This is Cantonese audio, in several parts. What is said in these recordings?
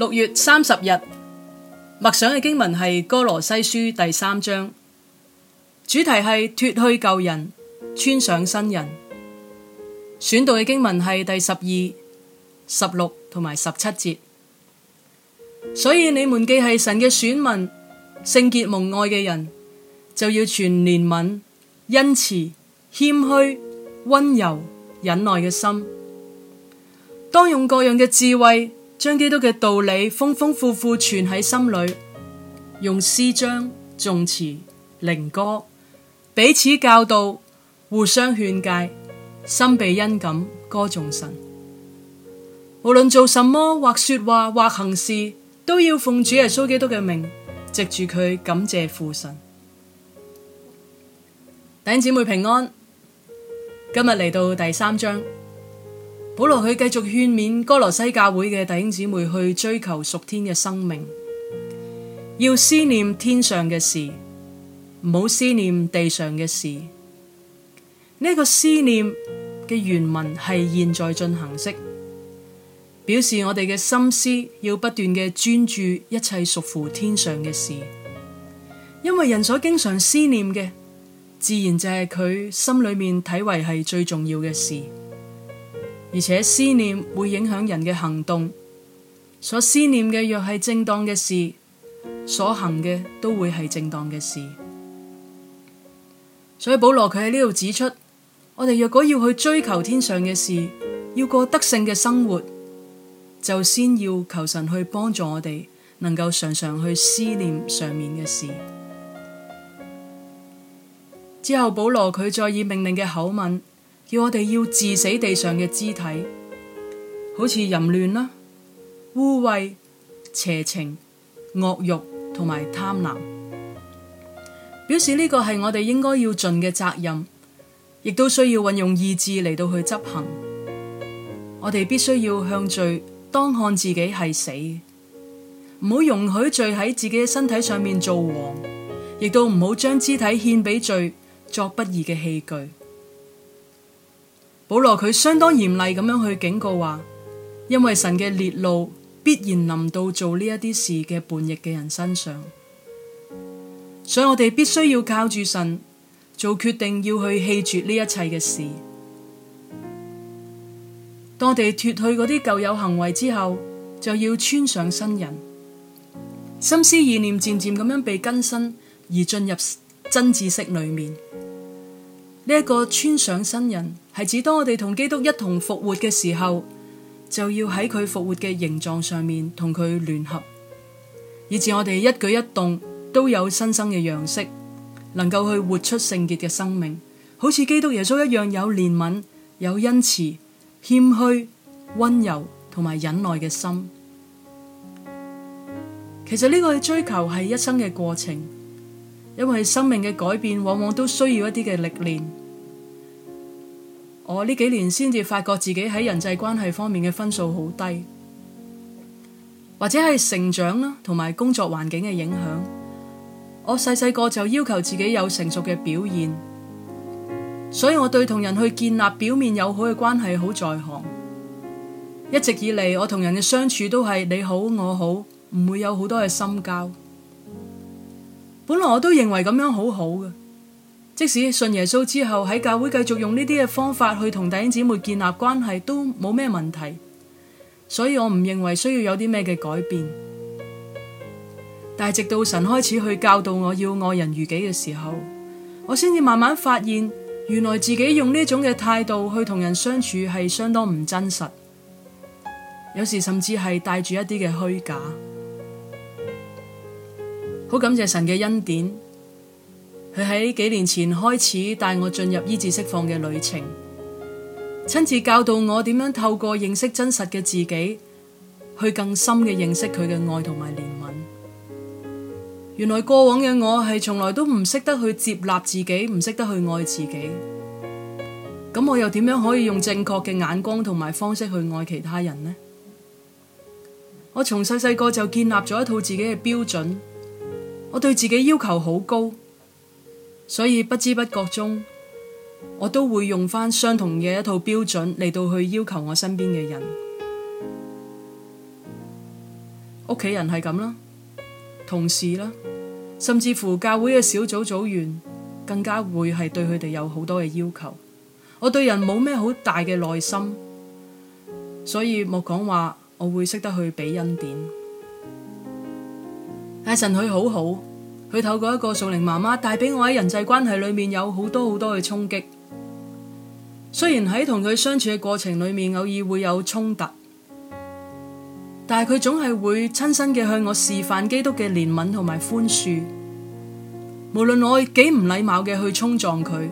六月三十日默想嘅經文係《歌羅西書》第三章，主題係脫去舊人，穿上新人。選讀嘅經文係第十二、十六同埋十七節。所以你們既係神嘅選民、聖潔蒙愛嘅人，就要全憐憫、恩慈、謙虛、温柔、忍耐嘅心，當用各樣嘅智慧。將基督嘅道理豐豐富富存喺心裏，用詩章、頌詞、靈歌彼此教導，互相勸戒，心被恩感歌頌神。無論做什麼或說話或行事，都要奉主耶穌基督嘅名，藉住佢感謝父神。弟姐妹平安，今日嚟到第三章。保羅佢繼續勸勉哥羅西教會嘅弟兄姊妹去追求屬天嘅生命，要思念天上嘅事，唔好思念地上嘅事。呢個思念嘅原文係現在進行式，表示我哋嘅心思要不斷嘅專注一切屬乎天上嘅事，因為人所經常思念嘅，自然就係佢心裏面睇為係最重要嘅事。而且思念會影響人嘅行動，所思念嘅若係正當嘅事，所行嘅都會係正當嘅事。所以保羅佢喺呢度指出，我哋若果要去追求天上嘅事，要過得勝嘅生活，就先要求神去幫助我哋，能夠常常去思念上面嘅事。之後保羅佢再以命令嘅口吻。叫我哋要致死地上嘅肢體，好似淫亂啦、污穢、邪情、惡慾同埋貪婪，表示呢個係我哋應該要盡嘅責任，亦都需要運用意志嚟到去執行。我哋必須要向罪當看自己係死，唔好容許罪喺自己嘅身體上面造王，亦都唔好將肢體獻俾罪作不義嘅器具。保羅佢相當嚴厲咁樣去警告話，因為神嘅烈怒必然臨到做呢一啲事嘅叛逆嘅人身上，所以我哋必須要靠住神做決定，要去棄絕呢一切嘅事。當我哋脫去嗰啲舊有行為之後，就要穿上新人，心思意念漸漸咁樣被更新而進入真知識裏面。呢一個穿上新人，係指當我哋同基督一同復活嘅時候，就要喺佢復活嘅形狀上面同佢聯合，以至我哋一舉一動都有新生嘅樣式，能夠去活出聖潔嘅生命，好似基督耶穌一樣有憐憫、有恩慈、謙虛、溫柔同埋忍耐嘅心。其實呢個去追求係一生嘅過程。因為生命嘅改變往往都需要一啲嘅歷練，我呢幾年先至發覺自己喺人際關係方面嘅分數好低，或者係成長啦，同埋工作環境嘅影響。我細細個就要求自己有成熟嘅表現，所以我對同人去建立表面友好嘅關係好在行。一直以嚟，我同人嘅相處都係你好我好，唔會有好多嘅深交。本來我都認為咁樣好好嘅，即使信耶穌之後，喺教會繼續用呢啲嘅方法去同弟兄姊妹建立關係，都冇咩問題，所以我唔認為需要有啲咩嘅改變。但係直到神開始去教導我要愛人如己嘅時候，我先至慢慢發現，原來自己用呢種嘅態度去同人相處係相當唔真實，有時甚至係帶住一啲嘅虛假。好感謝神嘅恩典，佢喺幾年前開始帶我進入醫治釋放嘅旅程，親自教導我點樣透過認識真實嘅自己，去更深嘅認識佢嘅愛同埋憐憫。原來過往嘅我係從來都唔識得去接納自己，唔識得去愛自己。咁我又點樣可以用正確嘅眼光同埋方式去愛其他人呢？我從細細個就建立咗一套自己嘅標準。我對自己要求好高，所以不知不覺中，我都會用翻相同嘅一套標準嚟，到去要求我身邊嘅人。屋企人係咁啦，同事啦，甚至乎教會嘅小組組員，更加會係對佢哋有好多嘅要求。我對人冇咩好大嘅耐心，所以莫講話，我會識得去俾恩典。阿神佢好好，佢透過一個屬靈媽媽帶俾我，喺人際關係裏面有好多好多嘅衝擊。雖然喺同佢相處嘅過程裏面，偶爾會有衝突，但係佢總係會親身嘅向我示範基督嘅憐憫同埋寬恕。無論我幾唔禮貌嘅去衝撞佢，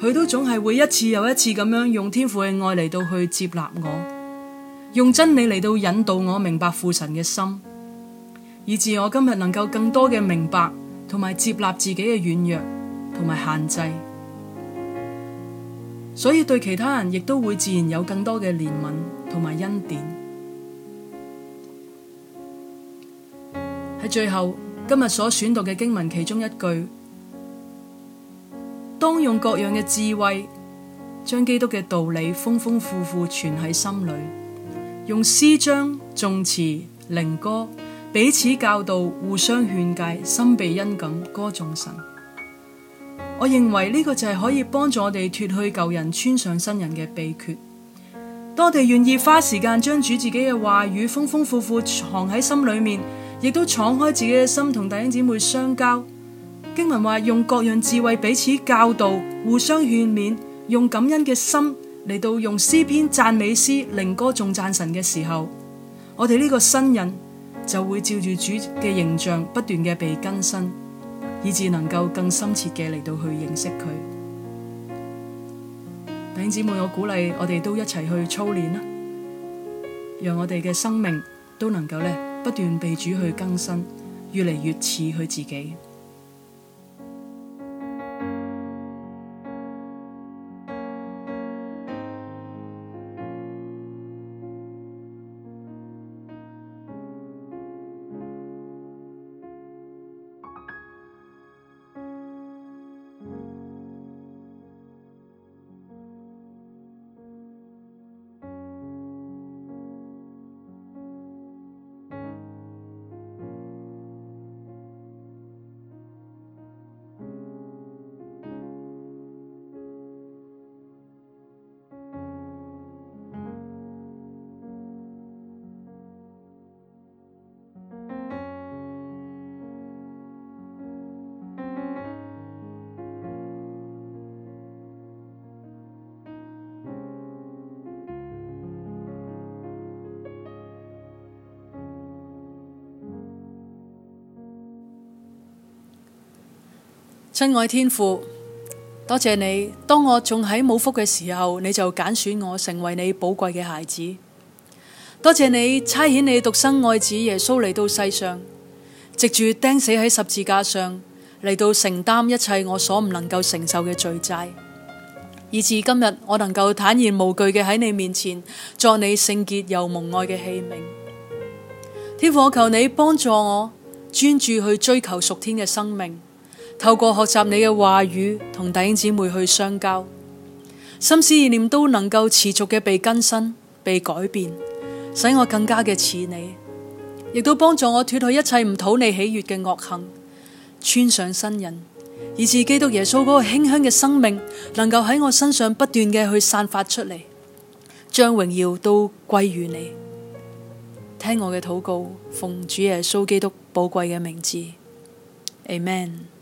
佢都總係會一次又一次咁樣用天父嘅愛嚟到去接納我，用真理嚟到引導我明白父神嘅心。以至我今日能夠更多嘅明白同埋接納自己嘅軟弱同埋限制，所以對其他人亦都會自然有更多嘅憐憫同埋恩典。喺最後，今日所選讀嘅經文其中一句，當用各樣嘅智慧，將基督嘅道理豐豐富富存喺心裏，用詩章、頌詞、靈歌，彼此教導，互相勸誡，心被恩感，歌頌神。我認為呢個就係可以幫助我哋脫去舊人，穿上新人嘅秘訣。當我哋願意花時間將主自己嘅話語豐豐富富藏喺心裏面，亦都敞開自己嘅心同弟兄姊妹相交。經文話用各樣智慧彼此教導，互相勸勉，用感恩嘅心嚟到用詩篇讚美詩，靈歌頌讚神嘅時候，我哋呢個新人。就會照住主嘅形象不斷嘅被更新，以至能夠更深切嘅嚟到去認識佢。弟兄姊妹，我鼓勵我哋都一齊去操練啦，讓我哋嘅生命都能夠咧不斷被主去更新，越嚟越似佢自己。親愛天父，多謝你當我仲喺冇福嘅時候，你就揀選我成為你寶貴嘅孩子。多謝你差遣你獨生愛子耶穌嚟到世上，藉住釘死喺十字架上嚟到承擔一切我所唔能夠承受嘅罪債，以至今日我能夠坦然無懼嘅喺你面前作你聖潔又蒙愛嘅器皿。天父，我求你幫助我專注去追求屬天嘅生命。透過學習你嘅話語，同弟兄姊妹去相交，心思意念都能夠持續嘅被更新、被改變，使我更加嘅似你，亦都幫助我脫去一切唔討你喜悅嘅惡行，穿上新人，以至基督耶穌嗰個馨香嘅生命，能夠喺我身上不斷嘅去散發出嚟，將榮耀都歸於你。聽我嘅禱告，奉主耶穌基督寶貴嘅名字，Amen。